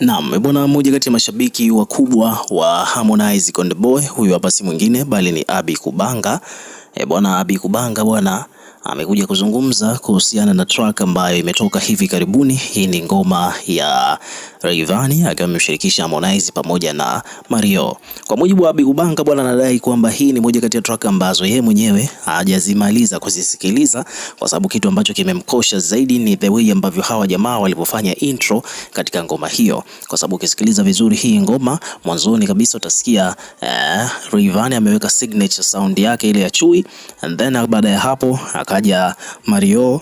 Naam, bwana, mmoja kati ya mashabiki wakubwa wa Harmonize Konde Boy, huyu hapa si mwingine bali ni Abi Kubanga E, bwana Abi Kubanga bwana amekuja kuzungumza kuhusiana na track ambayo imetoka hivi karibuni. Hii ni ngoma ya Rayvanny akiwa amemshirikisha Harmonize pamoja na Mario. Kwa mujibu wa Abi Kubanga bwana, anadai kwamba hii ni moja kati ya track ambazo yeye mwenyewe hajazimaliza kuzisikiliza, kwa sababu kitu ambacho kimemkosha zaidi ni the way ambavyo hawa jamaa walivyofanya intro katika ngoma hiyo, kwa sababu ukisikiliza vizuri hii ngoma mwanzoni kabisa utasikia eh, Rayvanny ameweka signature sound yake ile ya chui and then baada ya hapo akaja Mario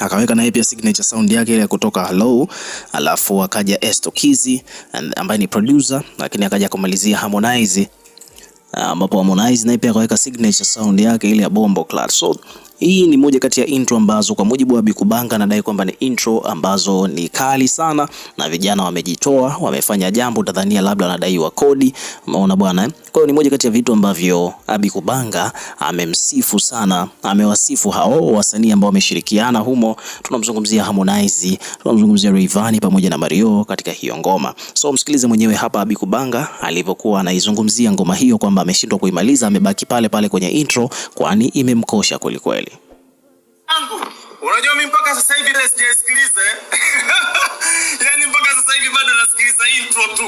akaweka naye pia signature sound yake ile ya kutoka low, alafu akaja Esto Kizi ambaye ni producer, lakini akaja kumalizia Harmonize ambapo uh, Harmonize naye pia akaweka signature sound yake ile ya bombo clad. So hii ni moja kati ya intro ambazo kwa mujibu wa Bikubanga anadai kwamba ni intro ambazo ni kali sana, na vijana wamejitoa, wamefanya jambo, Tanzania labda wanadaiwa kodi. Umeona bwana, eh? Kwa hiyo ni moja kati ya vitu ambavyo Abi Kubanga amemsifu sana, amewasifu hao wasanii ambao wameshirikiana humo. Tunamzungumzia Harmonize, tunamzungumzia Rayvanny pamoja na Mario katika hiyo ngoma. So msikilize mwenyewe hapa Abi Kubanga alivyokuwa anaizungumzia ngoma hiyo kwamba ameshindwa kuimaliza, amebaki pale pale kwenye intro, kwani imemkosha kweli kweli. Unajua mimi mpaka sasa hivi sijasikiliza. Yaani mpaka sasa hivi bado nasikiliza intro tu.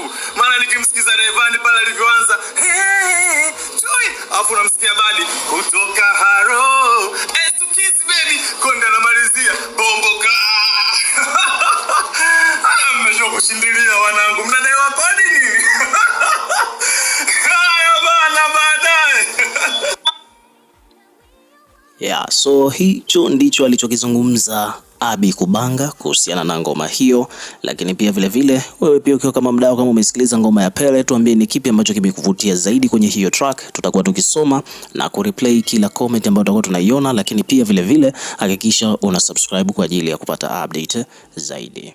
Yeah, so hicho ndicho alichokizungumza Abi Kubanga kuhusiana na ngoma hiyo, lakini pia vile vile wewe pia ukiwa kama mdau, kama umesikiliza ngoma ya Pele, tuambie ni kipi ambacho kimekuvutia zaidi kwenye hiyo track. Tutakuwa tukisoma na kureplay kila comment ambayo tutakuwa tunaiona, lakini pia vile vile hakikisha una subscribe kwa ajili ya kupata update zaidi.